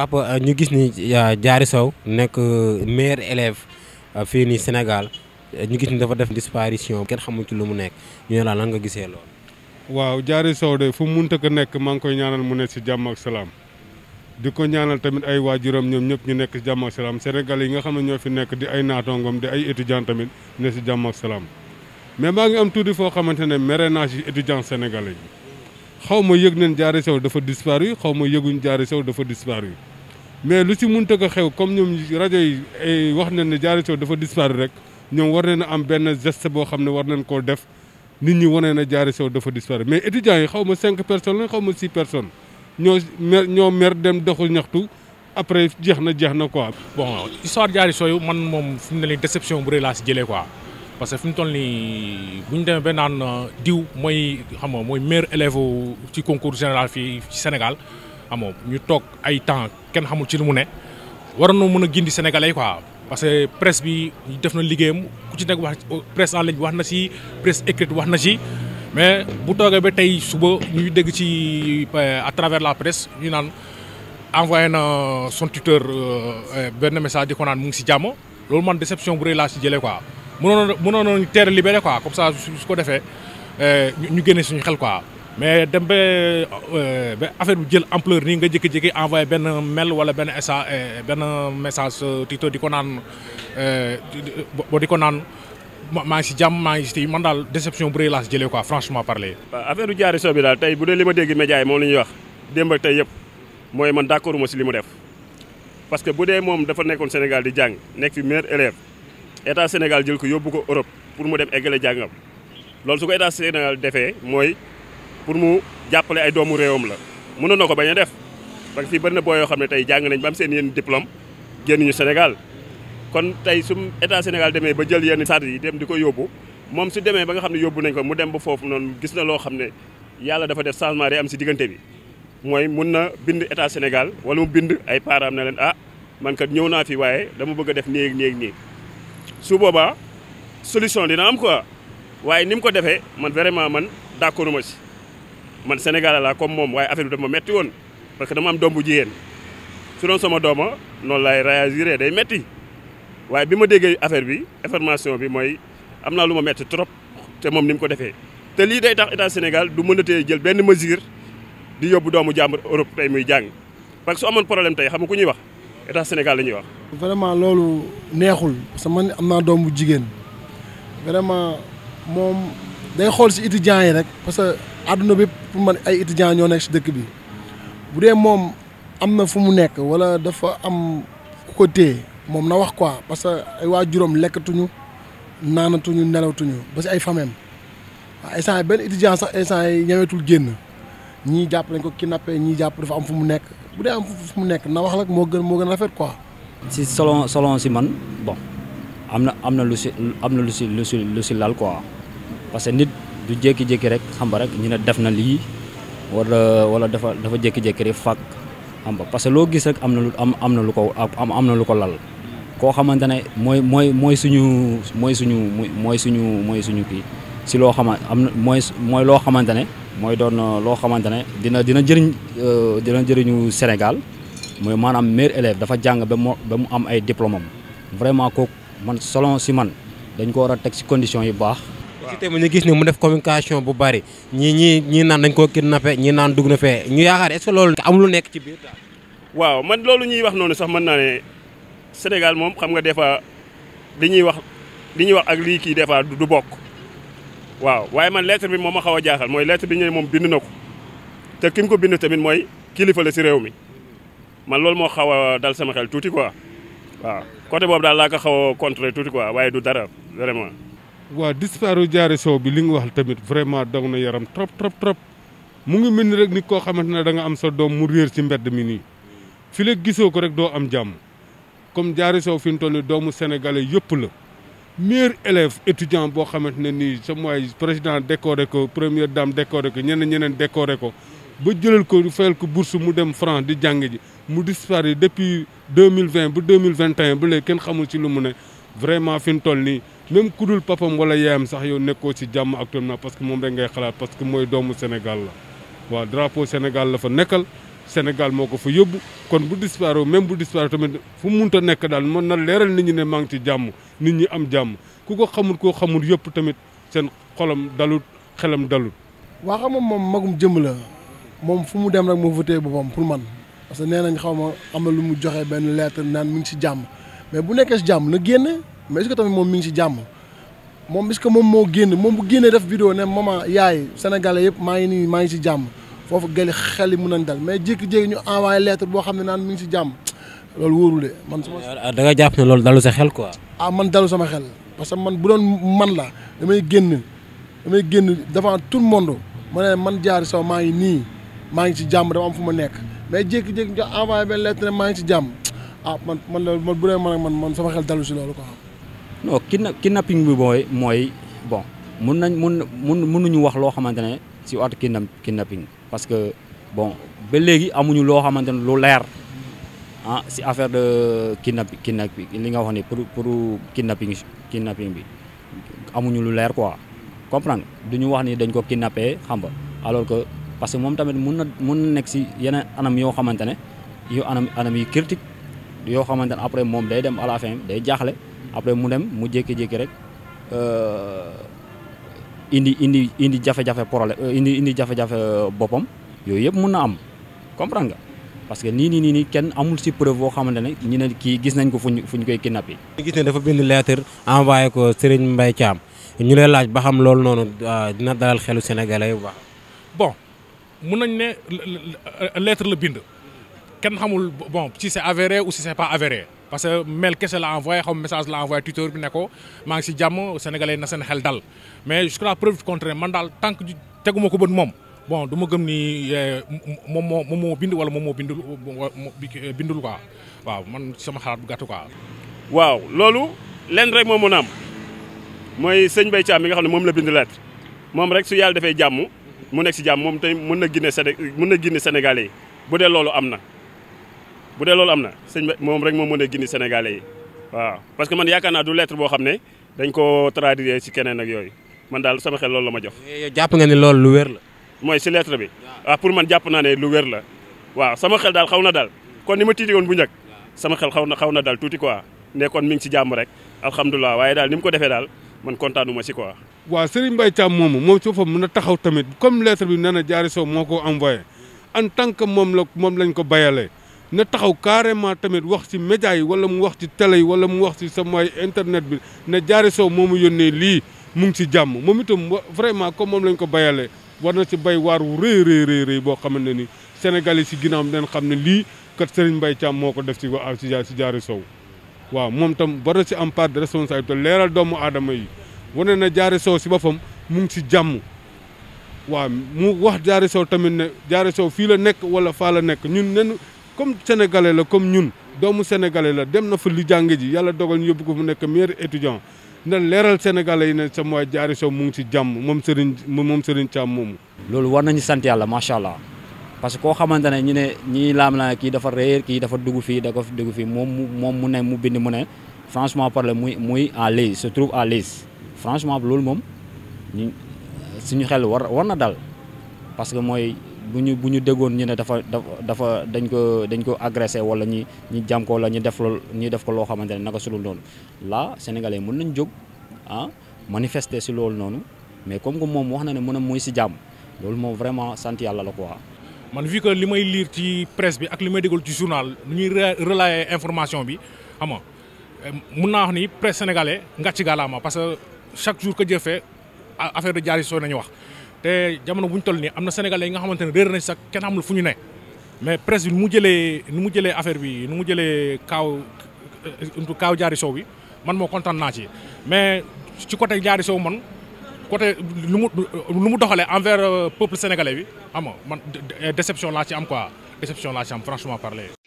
papa euh, ñu gis ni jaari euh, Sow nekk euh, mair élève fii nii Sénégal ñu gis ni dafa def disparition kenn xamul ci lu mu nekk ñu ne la lan nga gisee lool. waaw Diary Sow de fu mu mënta ko nekk maa ngi koy ñaanal mu nekk si jàmm ak salaam di ko ñaanal tamit ay waajuram ñoom ñëpp ñu nekk si jàmm ak salaam Sénégal yi nga xam ne ñoo fi nekk di ay naataangoom di ay étudiants tamit ne si jàmm ak salaam mais maa ngi am tuuti foo xamante ne mérénage yi étudiants sénégalais xaw ma yëg neen Diary Sow dafa disparu xaw ma yëguñ Diary Sow dafa disparu mais lu ci mënta ko xew comme ñoom rajo yi wax nañ ne Diary Sow dafa disparu rek ñoom war nañ na am benn geste boo xam ne war nañ koo def nit ñi wane na Diary Sow dafa disparu mais étudiants yi xaw ma cinq personnes la xaw ma six personnes ñoo mer ñoo mer dem doxu ñaxtu après jeex na jeex na quoi. bon histoire Diary Sow man moom fi mu ne nii déception bu rëy laa si jëlee quoi parce que fi mu toll nii bu ñu demee ba naan diw mooy xam nga mooy meilleur élève ci concours général fii ci Sénégal. amoo ñu toog ay temps kenn xamul ci lu mu ne waroon na mën a gindi sénégalais quoi. parce que presse bi def na liggéeyam ku ci nekk wax presse en ligne wax na ci presse écrite wax na ci mais bu toogee ba tey suba ñuy dégg ci euh, à travers la presse ñu naan envoyé na son tuteur euh, euh, benn message di ko naan mu ngi ci jàmmo loolu man déception bu rëy laa ci jëlee quoi mënoon mënoon nañu teel a libéré quoi comme ça su ko defee ñu génne suñu xel quoi. mais dem ba euh, ba affaire bu jël empleur nii nga jëkk jékki envoyé benn mail wala benn SA euh, benn message euh, Tito di ko naan boo di ko naan maa ngi si jàmm maa ngi si man daal déception bu rëy laa jëlee quoi franchement parler. waaw affaire jaari soo bi tey bu dee li ma dégg média yi moom la ñuy wax démb ak tey mooy man d'accord ma si li mu def parce que bu dee moom dafa nekkoon Sénégal di jàng nekk fi meilleur élève état Sénégal jël ko yóbbu ko Europe pour mu dem eggale jàngam loolu su ko état Sénégal defee mooy. pour mu jàppale ay doomu réewam la mënoon na ko bañ a def parce que fii na boo yoo xam ne tey jàng nañ bam seen yenn diplôme génn ñu Sénégal kon tey su état Sénégal demee ba jël yenn sart yi dem di ko yóbbu moom su demee ba nga xam ne yóbbu nañ ko mu dem ba foofu noonu gis na loo xam ne yàlla dafa def changement day am si diggante bi mooy mun na bind état Sénégal wala mu bind ay parents na leen ah man kat ñëw naa fi waaye dama bëgg a def néeg ak nii su boobaa solution dina am quoi waaye ni mu ko defee man vraiment man d'accord ma si. man Sénégalais laa comme moom waaye affaire bi dama metti woon parce que dama am doom bu jigéen su doon sama dooma noonu laay réagir day metti waaye bi ma déggee affaire bi information bi mooy am naa lu ma metti trop te moom ni mu ko defee te lii day tax état Sénégal du mën a mënatee jël benn mesure di yóbbu doomu jàmbur Europe tey muy jàng parce que su amoon problème tey xam nga ku ñuy wax état Sénégal la ñuy wax. vraiment loolu neexul sama que man am doom bu jigéen day xool si étudiants yi rek parce que àdduna bépp pour man ay étudiants ñoo nekk si dëkk bi bu dee moom am na fu mu nekk wala dafa am ko téye moom na wax quoi parce que ay waa juróom lekkatuñu naanatuñu nelawtuñu ba si ay famem waaw instant yi benn étudiant sax instant yi ñëwetul génn ñii jàpp lañ ko ki kidnappé ñii jàpp dafa am fu mu nekk bu dee am fu mu nekk na wax rek moo gën moo gën a rafet quoi. si solon selon si man bon am na am na lu si am na lu si lu lu si lal quoi. parce que nit du jékki-jékki rek xam nga rek ñu ne def na lii wala wala dafa dafa jékki-jékki rek fàq xam nga parce que loo gis rek am na lu am am na lu ko am am na lu ko lal koo xamante ne mooy mooy mooy suñu mooy suñu mooy suñu mooy suñu kii si loo xama am na mooy mooy loo xamante ne mooy doon loo xamante ne dina dina jëriñ euh, dina jëriñu Sénégal mooy maanaam meilleur élève dafa jàng ba mu ba mu am ay diplôme am vraiment kooku man solon si man dañ ko war a teg si condition yu baax ci tamit ñu gis ne mu def communication bu bari ñii ñii ñii naan dañ koo na kidnappé ñii naan dugg na fee ñu yaakaar est-ce que loolu amul lu nekk ci biir daal. waaw man loolu ñuy wax noonu sax man naa ne Sénégal moom xam nga des fois li ñuy wax li ñuy wax ak lii kii des fois du bokk. waaw waaye man lettre bi moom ma xaw a jaaxal mooy lettre bi ñu ne moom bind na ko te ki mu ko bind tamit mooy kilifa la si réew mi man loolu moo xaw a dal sama xel tuuti quoi waaw côté boobu daal laa xaw a contrer tuuti quoi waaye du dara vraiment. waa disparu Diary Sow bi li nga wax tamit vraiment daw na yaram trop trop trop mu ngi mel ni rek nit koo xamante ne da nga am sa doom mu réer ci mbedd mi nii fi la gisoo ko rek doo am jàmm comme Diary Sow fi mu toll nii doomu sénégalais yëpp la meilleur élève étudiant boo xamante ne nii sa mooy président décoré ko première dame décoré ko ñeneen ñeneen décoré ko ba jëlal ko fayal ko bourse mu dem France di jàng ji mu disparu depuis deux mille vingt ba deux mille vingt et ba léegi kenn xamul ci lu mu ne vraiment fi mu toll nii. même ku dul papam wala yaayam sax yow nekkoo ci jàmm actuellement parce que moom rek ngay xalaat parce que mooy doomu Sénégal la waa drapeau Sénégal la fa nekkal Sénégal moo ko fa yóbbu kon bu disparo même bu disparo tamit fu mu mënta nekk daal mën na leeral nit ñi ne maa ngi ci jàmm nit ñi am jàmm ku ko xamul koo xamul yëpp tamit seen xolam dalut xelam dalut. waa xam nga moom magum jëm la moom fu mu dem rek moo voté boppam pour man parce que nee nañ xaw ma am lu mu joxe benn naan mu ngi ci jàmm mais bu nekkee ci jàmm na génn. mais est-ce moom mi ngi si jàmm moom est moom moo génn moom bu def vidéo ne maman yaay sénégalais yëpp maa ngi nii maa ngi si jàmm foofu gali xel yi mun nañ dal mais jékki ñu envoyé lettre boo xam ne naan mi si jàmm loolu wóorul de man. sama euh, da nga jàpp loolu dalu sa xel quoi. Ah, man dalu sama xel parce que man bu doon man la damay génn damay génn devant tout le monde ma ne man jaari saw maa ngi nii maa ngi si jàmm dama am fu ma nekk mais jékki-jékki ñu envoyé benn lettre maa ngi si jàmm ah man man loolu man bu dee man ak man man sama xel dalu si loolu quoi. non kidna kidnapping bi mooy mooy bon mun nañ mun mun mënuñu wax loo xamante ne si wàllu kidna kidnapping parce que bon ba léegi amuñu loo xamante ne lu leer ah si affaire de kidnap kidnapping li nga wax ni pour pour kidnapping kidnapping bi amuñu lu leer quoi comprendre duñu wax ni dañ ko kidnappé xam nga alors que parce que moom tamit mun na mun na nekk si yeneen anam yoo xamante ne yu anam anam yi critique yoo xamante après moom day dem à la fin day jaaxle après mu dem mu jékki-jékki rek euh, indi indi indi jafe-jafe euh, indi indi jafe euh, boppam yooyu yëpp mun na am comprendre nga parce que nii nii nii nii kenn amul si preuve boo xamante ne ñu ne kii gis nañ ko fu ñu fu ñu koy kidnappé. ñu gis ne dafa bind lettre envoyé ko Serigne Mbaye Thiam ñu lay laaj ba xam loolu noonu dina dalal xelu sénégalais bu baax. bon mun nañ ne lettre la bind kenn xamul bon si c'est avéré ou si c'est pas avéré. parce que mail kese la envoyé xaw message la envoyé Twitter bi ne ko maa ngi si jàmm sénégalais na seen xel dal mais jusqu'à la preuve du man daal tant que teguma ko bët moom bon duma ma gëm ni eh, moom moo moom bind wala moom moo bindul eh, bindul quoi waaw man sama xalaat bu gàtt waaw loolu lenn rek moom mën a am mooy sëñ Bay Thiam mi nga xam ne moom la bind lettre moom rek su yàlla defee jàmm mu nekk si jàmm moom tey mën na génne Séné mën na génne Sénégalais yi bu dee loolu am na. bu dee loolu am na sëñ moom rek moo mën a gindi sénégalais yi que man yaakaar naa du lettre boo xam ne dañ koo traduire ci keneen ak yooyu man daal sama xel loolu la ma jox. Eh, jàpp nga ne loolu lu wér la. mooy ci lettre bi. waaw ah, pour man jàpp naa lu wér la waaw sama xel daal xaw na daal kon ni ma tiiti woon bu njëkk sama xel xaw na xaw na daal tuuti quoi ne mi ngi ci jàmm rek alhamdulilah waaye daal ni mu ko defee daal man kontaanuma ci quoi. waaw Serigne Mbaye Thiam moomu moom ci boppam mën a taxaw tamit comme lettre bi nee na Diary Sow moo ko envoyé en tant que moom la moom lañ ko bayale na taxaw carrément tamit wax ci média yi wala mu wax ci télé yi wala mu wax ci sama internet bi ne Diary Sow moomu yónnee lii mu ngi ci jàmm moom itam vraiment comme moom lañ ko bayalee war na ci bay waar wu rëy rëy boo xamante ne ni Sénégal yi ci ginnaaw den xam ne lii kat Serigne Mbaye Thiam moo ko def ci waa ci Diary Sow waaw moom tam war na ci am part de responsabilité leeral doomu aadama yi wane na Diary Sow si boppam mu ngi ci jàmm waaw mu wax Diary Sow tamit ne Diary Sow fii la nekk wala faa la nekk ñun nen comme sénégalais la comme ñun doomu sénégalais la dem na fa lu jàng ji yàlla dogal ñu yóbbu ko fu nekk meilleur étudiant na leeral sénégalais yi ne sa mooy jaari sow mu ngi ci jàmm moom Serigne moom Serigne Thiam moomu. loolu war na nañu sant yàlla macha allah parce que koo xamante ne ñu ne ñii laam naa kii dafa réer kii dafa dugg fii da ko dugg fii moom mu moom mu ne mu bind mu ne franchement parler muy muy à se trouve à l'aise franchement loolu moom ñu suñu xel war war na dal bu ñu bu ñu déggoon ñu ne dafa dafa dañ ko dañ ko agressé wala ñi ñi jàm ko wala ñu def lool ñu def ko loo xamante ne naka sulul noonu la sénégalais mun nañ jóg ah manifester si loolu noonu mais comme que moom wax na ne mën a mooy si jàmm loolu moom vraiment sant yàlla la quoi. man vu que li may liir ci presse bi ak li may déggul ci journal nu ñuy relayer information bi xam euh, mun naa wax ni presse sénégalais nga ci gàllaama parce que chaque jour que Dieu fait affaire d Diary Sow nañu wax. te jamono bu ñu toll nii am na sénégalais yi nga xamante ne réer nañ sax kenn xamul fu ñu ne mais presse nu mu jëlee nu mu jëlee affaire bi nu mu jëlee kaaw kaaw jaari sow bi man moo kontaan naa ci mais ci côté jaari sow man côté lu mu lu mu doxalee envers euh, peuple sénégalais bi xam nga man déception laa ci am quoi déception laa ci am franchement parler.